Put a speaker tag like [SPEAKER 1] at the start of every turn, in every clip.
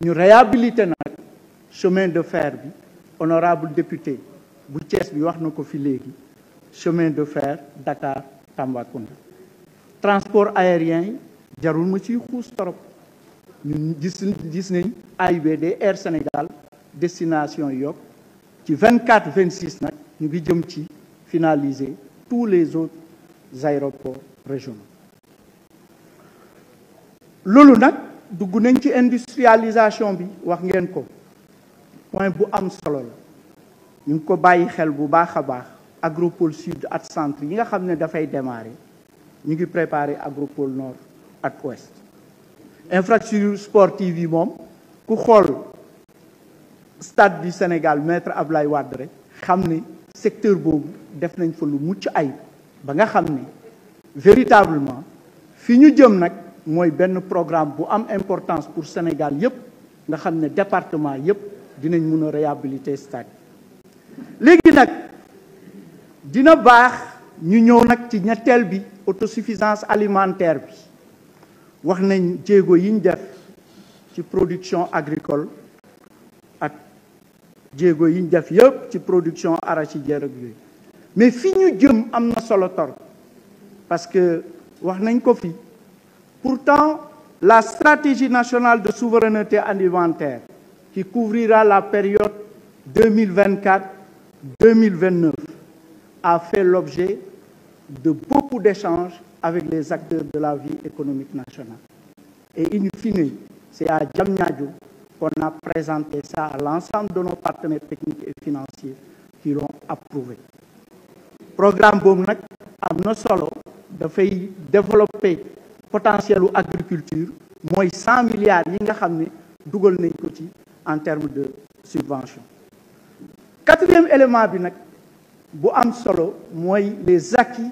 [SPEAKER 1] Nous réhabilité le chemin de fer honorable député bu Thiès bi chemin de fer Dakar Tambacounda transport aérien yi jarul ma ciy xuus torop AIBD Air Sénégal destination yokk ci 24 26 nous ñu ngi finaliser tous les autres aéroports régionaux loolu nag dugg nañ ci industrialisation bi wax ngeen ko point bu am solo la ñu ngi ko bàyyi xel bu baax baax agropole sud ak centre yi nga xam ne dafay démarrer ñu ngi préparer agropole nord ak ouest infrastructure sportive yi moom ku xool stade du Sénégal maître Ablaye Wade rek xam ne secteur boobu def nañ fa lu mucc ayib ba nga xam véritablement fi ñu jëm nag moy ben programme bu am importance pour Sénégal yëpp nga xam département yëpp dinañ mëna a réhabiliter stade légui nak dina bax ñu ñëw nak ci ñettel bi autosuffisance alimentaire bi wax nañ jéego yiñ def ci production agricole ak jéego yiñ def yëpp ci production arachidière ak yooyu mais fi ñu jëm amna solo tor parce que wax nañ ko fi Pourtant, la stratégie nationale de souveraineté alimentaire qui couvrira la période 2024-2029 a fait l'objet de beaucoup d'échanges avec les acteurs de la vie économique nationale. Et in fine, c'est à Djamnyadjo qu'on a présenté ça à l'ensemble de nos partenaires techniques et financiers qui l'ont approuvé. Le programme a, a solo, de développer potentiel ou agriculture moins 100 milliards yi en termes de subventions. quatrième élément bi les acquis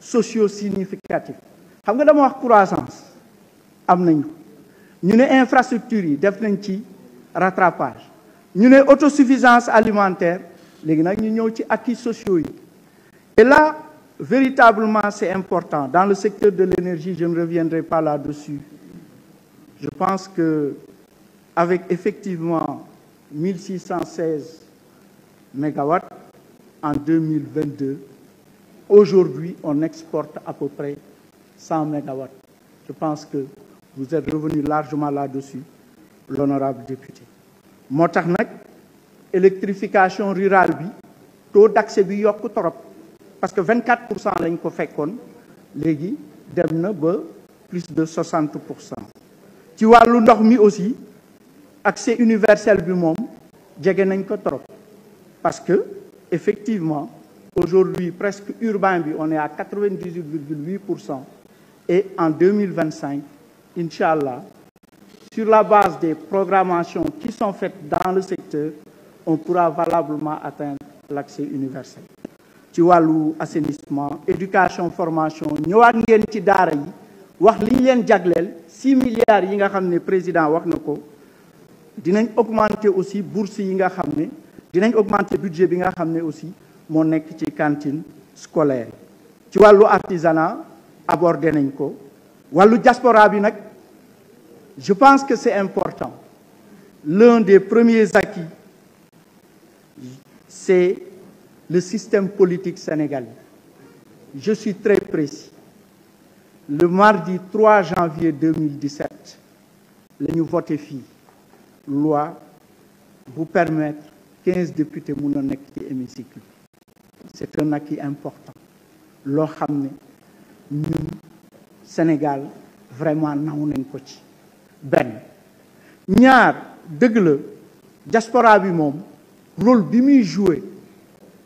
[SPEAKER 1] sociaux significatifs xam nga dama croissance nous avons ko infrastructures, infrastructure nous avons rattrapage autosuffisance alimentaire nous avons ñu acquis sociaux et là Véritablement, c'est important. Dans le secteur de l'énergie, je ne reviendrai pas là-dessus. Je pense que avec effectivement 1616 MW en 2022, aujourd'hui, on exporte à peu près 100 MW. Je pense que vous êtes revenu largement là-dessus, l'honorable député. moo électrification rurale taux d'accès bi parce que 24 plus de 60 Tu vois, ci aussi accès universel du monde, parce que effectivement aujourd'hui presque urbain on est à 98,8 et en 2025 Inch'Allah, sur la base des programmations qui sont faites dans le secteur on pourra valablement atteindre l'accès universel ci walu assainissement éducation formation ñëwaat ngeen ci daara yi wax li ñu leen jagleel 6 milliards yi nga xam président wax na ko dinañ augmenter aussi bourse yi nga xam dinañ augmenter budget bi nga xam aussi moo nekk ci cantine scolaire ci wàllu artisanat abordé nañ ko wàllu diaspora bi nag je pense que c'est important l'un des premiers acquis c'est le système politique sénégalais. Je suis très précis. Le mardi 3 janvier 2017, le nouveau voté loi vous permettre 15 députés de a hémicycle c'est un acquis important Nous, ramener, Sénégal vraiment nous nañ ko Ben, Ben. ñaar diaspora rôle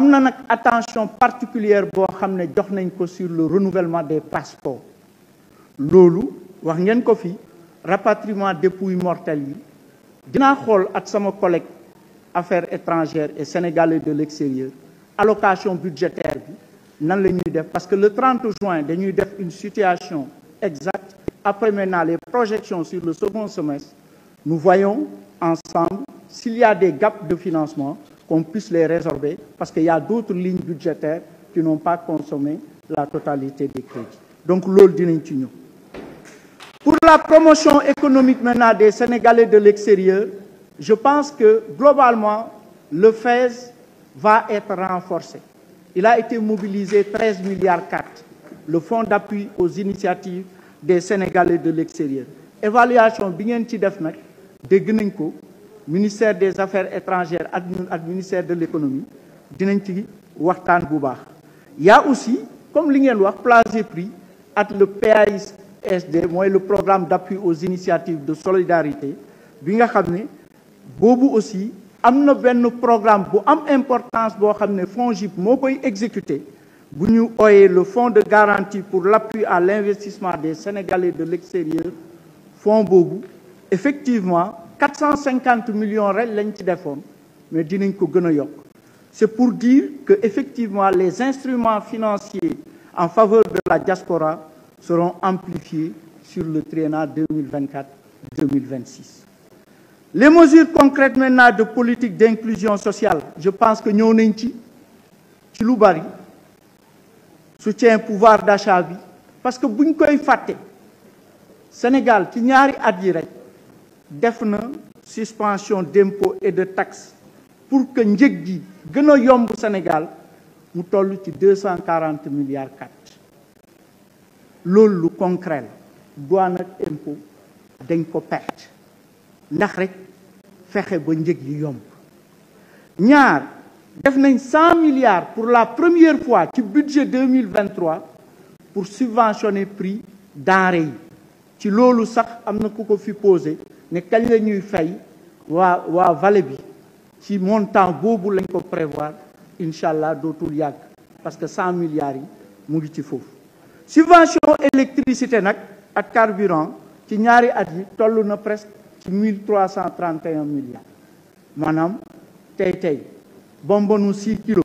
[SPEAKER 1] Nous nak attention particulière sur le renouvellement des passeports L'OLU, wax rapatriement dépouille mortel yi collègue affaires étrangères et sénégalais de l'extérieur allocation budgétaire dans le NUDEF. parce que le 30 juin dañuy def une situation exacte après maintenant les projections sur le second semestre nous voyons ensemble s'il y a des gaps de financement qu'on puisse les résorber, parce qu'il y a d'autres lignes budgétaires qui n'ont pas consommé la totalité des crédits. Donc, l'eau Pour la promotion économique maintenant des Sénégalais de l'extérieur, je pense que globalement, le FES va être renforcé. Il a été mobilisé 13 milliards 4, le fonds d'appui aux initiatives des Sénégalais de l'extérieur. Évaluation bien ngeen de ministère des affaires étrangères et ministère de l'économie dinañ ci Goubach. Il y a aussi comme li ngeen wax pris, le PAISD le programme d'appui aux initiatives de solidarité bi nga Bobou aussi aussi un programme bu am importance boo le ne FONGIP exécuté. exécuter le fonds de garantie pour l'appui à l'investissement des Sénégalais de l'extérieur fonds bobu effectivement 450 millions de lañ mais c'est pour dire que effectivement les instruments financiers en faveur de la diaspora seront amplifiés sur le triennat 2024-2026 les mesures concrètes maintenant de politique d'inclusion sociale je pense que nous, nañ ci le soutien pouvoir d'achat vie. parce que avons fait, Sénégal ci a at à défendre suspension d'impôts et de taxes pour que Ndjegi, Geno au Sénégal, nous tolle 240 milliards 4. L'eau, le concret, douane et impôts, d'un copert. N'arrête, faire que Nous avons 100 milliards pour la première fois du budget 2023 pour subventionner le prix d'arrêt. qui l'eau, le sac, qu'on ne quel n'y fait wa wa valébi si montant beau pour prévoir inshallah d'autres parce que 100 milliards mouguiti fou subvention électricité nak à carburant qui n'y a rien à dire tout presque 1331 milliards Madame, tay tay 6 kilos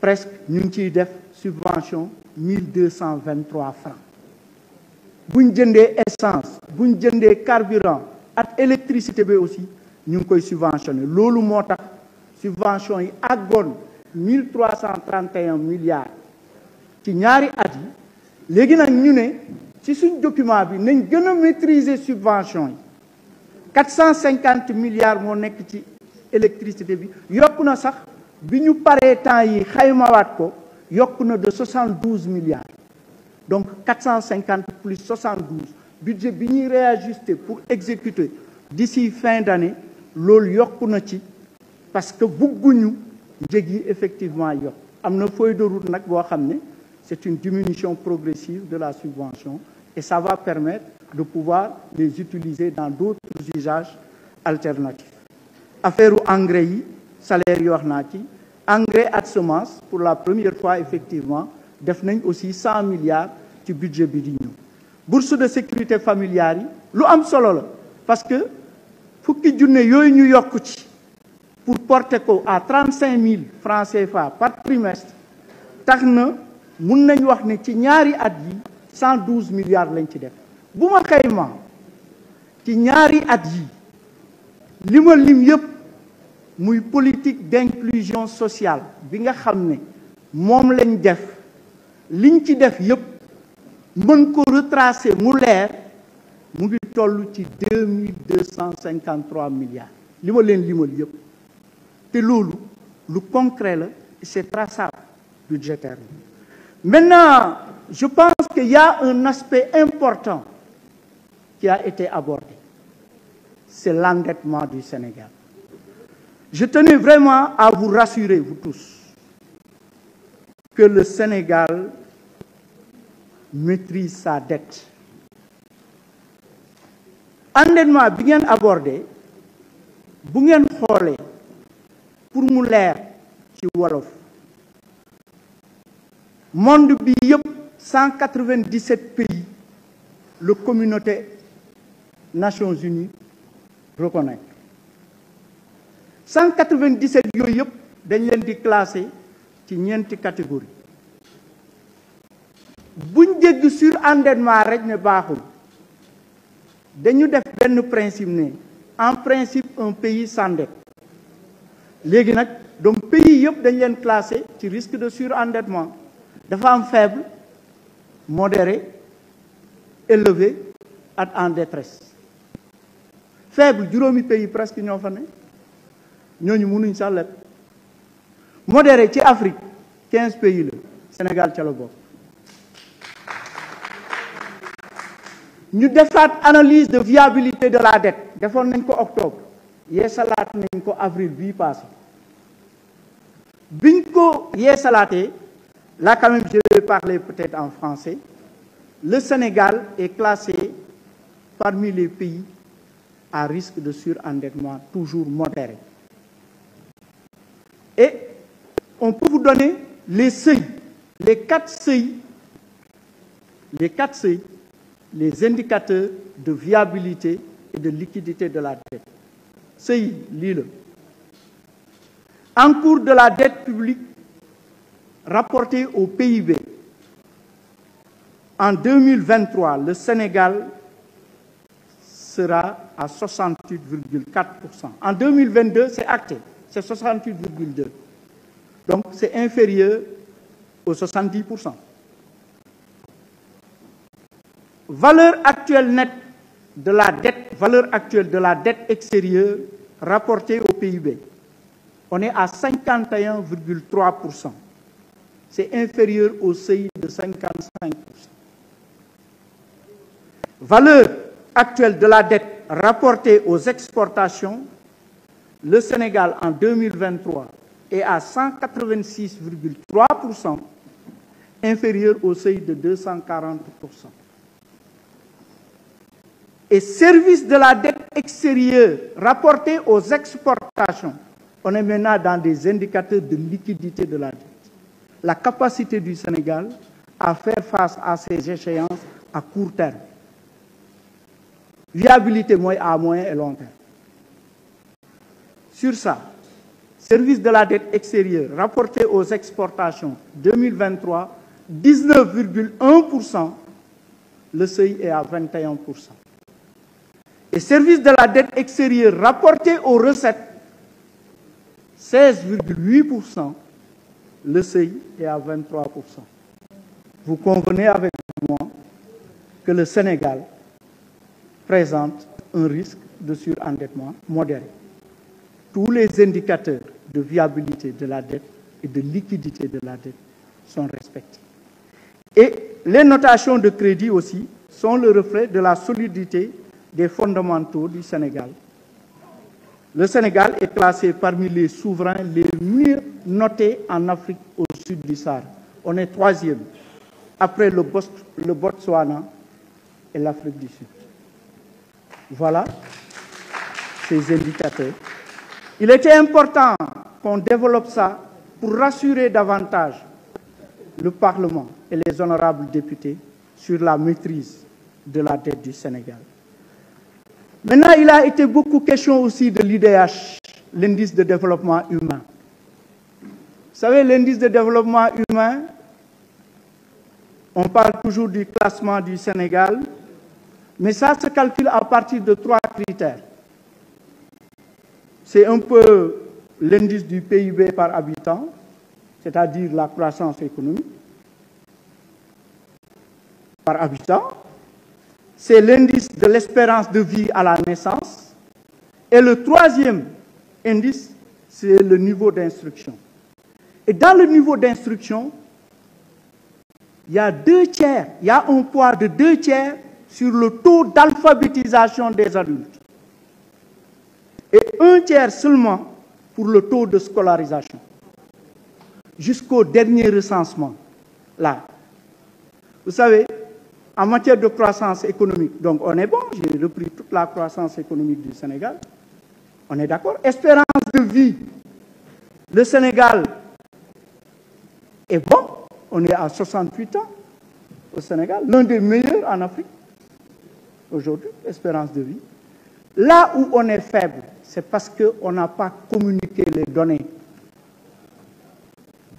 [SPEAKER 1] presque n'y a subvention 1223 francs nous avons essence, nous carburant et l'électricité aussi, nous avons subventionné. Lolo Mota, subvention est à 1331 milliards. Qui n'a dit à dire, les gens qui si ce document nous maîtriser subvention. 450 milliards de électricité. Nous avons parlé de temps, nous avons de 72 milliards. Donc 450 plus 72, budget bi réajusté pour exécuter d'ici fin d'année loolu parce que bugguñu effectivement yok. de route c'est une diminution progressive de la subvention et ça va permettre de pouvoir les utiliser dans d'autres usages alternatifs affaire engrais salaire yi engrais à semence pour la première fois effectivement définit aussi 100 milliards ci budget bi di bourse de sécurité familiale yi lu am solo la parce que fukki junne yooyu ñu New ci pour porter ko à 35 000 francs CFA par trimestre tax na mun nañ wax ne ci ñaari at yi 112 milliards lañ ci def bu ma xayma ci ñaari at yi li ma lim yëpp muy politique d'inclusion sociale bi nga xam ne moom lañ def liñ ci def mën ko retracer mu leer mu ngi toll ci 2253 milliards li ma leen limal yëpp te loolu lu concret c'est traçable budgétaire maintenant je pense qu'il y a un aspect important qui a été abordé c'est l'endettement du Sénégal je tenais vraiment à vous rassurer vous tous que le Sénégal maîtrise sa dette un des vous abordé pour nous leer ci wolof monde bi 197 pays la communauté Nations Unies reconnaît 197 pays yëpp dañ leen di classé ci catégorie jégg surendettement rek ne baaxul dañu def ben principe né en principe un pays s'endette légui nak donc pays qui dañ leen sur ci risque de surendettement dafa am faible modéré élevé et en détresse faible juromi pays presque ñoo fa né ñoñu mënuñ sax modéré ci Afrique 15 pays le Sénégal le la Nous defaat analyse de viabilité de la dette defoon nañ ko octobre yeesalaat nañ ko avril bii passé biñ ko yeesalaatee là quand même je vais parler peut-être en français le Sénégal est classé parmi les pays à risque de surendettement toujours modéré et on peut vous donner les seuils les quatre seuils les quatre seuils les indicateurs de viabilité et de liquidité de la dette. C'est l'île. En cours de la dette publique rapportée au PIB, en 2023, le Sénégal sera à 68,4%. En 2022, c'est acté, c'est 68,2%. Donc, c'est inférieur aux 70%. Valeur actuelle nette de la dette, valeur actuelle de la dette extérieure rapportée au PIB. On est à 51,3%. C'est inférieur au seuil de 55%. Valeur actuelle de la dette rapportée aux exportations, le Sénégal en 2023 est à 186,3%, inférieur au seuil de 240% et service de la dette extérieure rapportée aux exportations, on est maintenant dans des indicateurs de liquidité de la dette. La capacité du Sénégal à faire face à ces échéances à court terme. Viabilité à moyen et long terme. Sur ça, service de la dette extérieure rapporté aux exportations 2023, 19,1%, le seuil est à 21%. Les services de la dette extérieure rapportés aux recettes, 16,8%, le CI est à 23%. Vous convenez avec moi que le Sénégal présente un risque de surendettement modéré. Tous les indicateurs de viabilité de la dette et de liquidité de la dette sont respectés. Et les notations de crédit aussi sont le reflet de la solidité des fondamentaux du Sénégal. Le Sénégal est classé parmi les souverains les mieux notés en Afrique au sud du Sahara. On est troisième, après le, Botswana et l'Afrique du Sud. Voilà ces indicateurs. Il était important qu'on développe ça pour rassurer davantage le Parlement et les honorables députés sur la maîtrise de la dette du Sénégal. Maintenant, il a été beaucoup question aussi de l'IDH, l'indice de développement humain. Vous savez, l'indice de développement humain, on parle toujours du classement du Sénégal, mais ça se calcule à partir de trois critères. C'est un peu l'indice du PIB par habitant, c'est-à-dire la croissance économique par habitant, c'est l'indice de l'espérance de vie à la naissance. Et le troisième indice, c'est le niveau d'instruction. Et dans le niveau d'instruction, il y a deux tiers, il y a un poids de deux tiers sur le taux d'alphabétisation des adultes. Et un tiers seulement pour le taux de scolarisation. Jusqu'au dernier recensement, là. Vous savez, en matière de croissance économique, donc on est bon, j'ai repris toute la croissance économique du Sénégal. On est d'accord Espérance de vie, le Sénégal est bon, on est à 68 ans au Sénégal, l'un des meilleurs en Afrique aujourd'hui, espérance de vie. Là où on est faible, c'est parce qu'on n'a pas communiqué les données.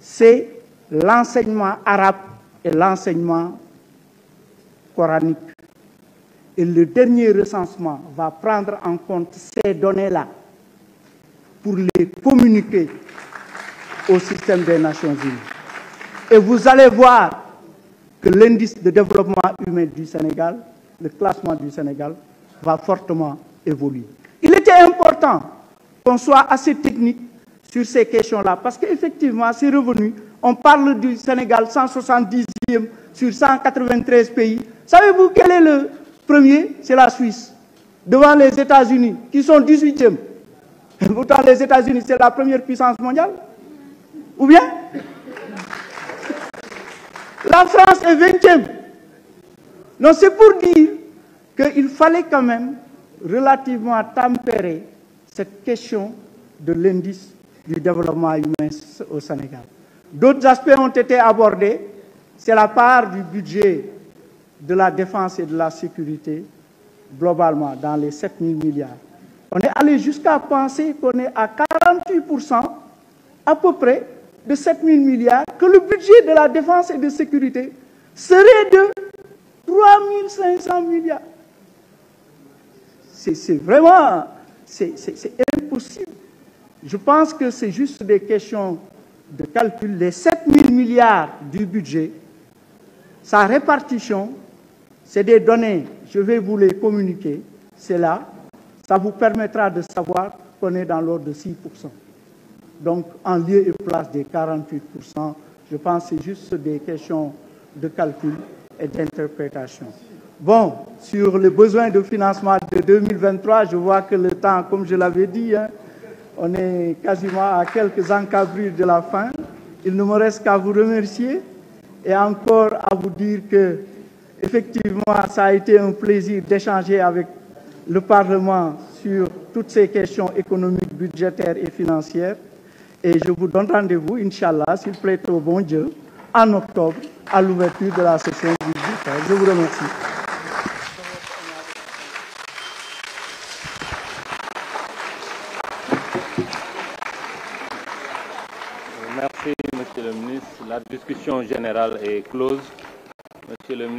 [SPEAKER 1] C'est l'enseignement arabe et l'enseignement coranique. Et le dernier recensement va prendre en compte ces données-là pour les communiquer au système des Nations Unies. Et vous allez voir que l'indice de développement humain du Sénégal, le classement du Sénégal, va fortement évoluer. Il était important qu'on soit assez technique sur ces questions-là, parce qu'effectivement, ces revenus, on parle du Sénégal 170e sur 193 pays, Savez-vous quel est le premier C'est la Suisse, devant les États-Unis, qui sont 18e. Pourtant, les États-Unis, c'est la première puissance mondiale. Ou bien La France est 20e. Non, c'est pour dire qu'il fallait quand même relativement tempérer cette question de l'indice du développement humain au Sénégal. D'autres aspects ont été abordés. C'est la part du budget de la défense et de la sécurité globalement dans les 7 000 milliards. On est allé jusqu'à penser qu'on est à 48% à peu près de 7 000 milliards, que le budget de la défense et de sécurité serait de 3 500 milliards. C'est vraiment c'est impossible. Je pense que c'est juste des questions de calcul. Les 7 000 milliards du budget, sa répartition c'est des données, je vais vous les communiquer, c'est là. Ça vous permettra de savoir qu'on est dans l'ordre de 6%. Donc, en lieu et place des 48%, je pense que c'est juste des questions de calcul et d'interprétation. Bon, sur les besoins de financement de 2023, je vois que le temps, comme je l'avais dit, hein, on est quasiment à quelques encablures de la fin. Il ne me reste qu'à vous remercier et encore à vous dire que Effectivement, ça a été un plaisir d'échanger avec le Parlement sur toutes ces questions économiques, budgétaires et financières. Et je vous donne rendez-vous, Inch'Allah, s'il plaît au bon Dieu, en octobre, à l'ouverture de la session budgétaire. Je vous remercie. Merci, Monsieur le Ministre. La discussion générale est close. Monsieur le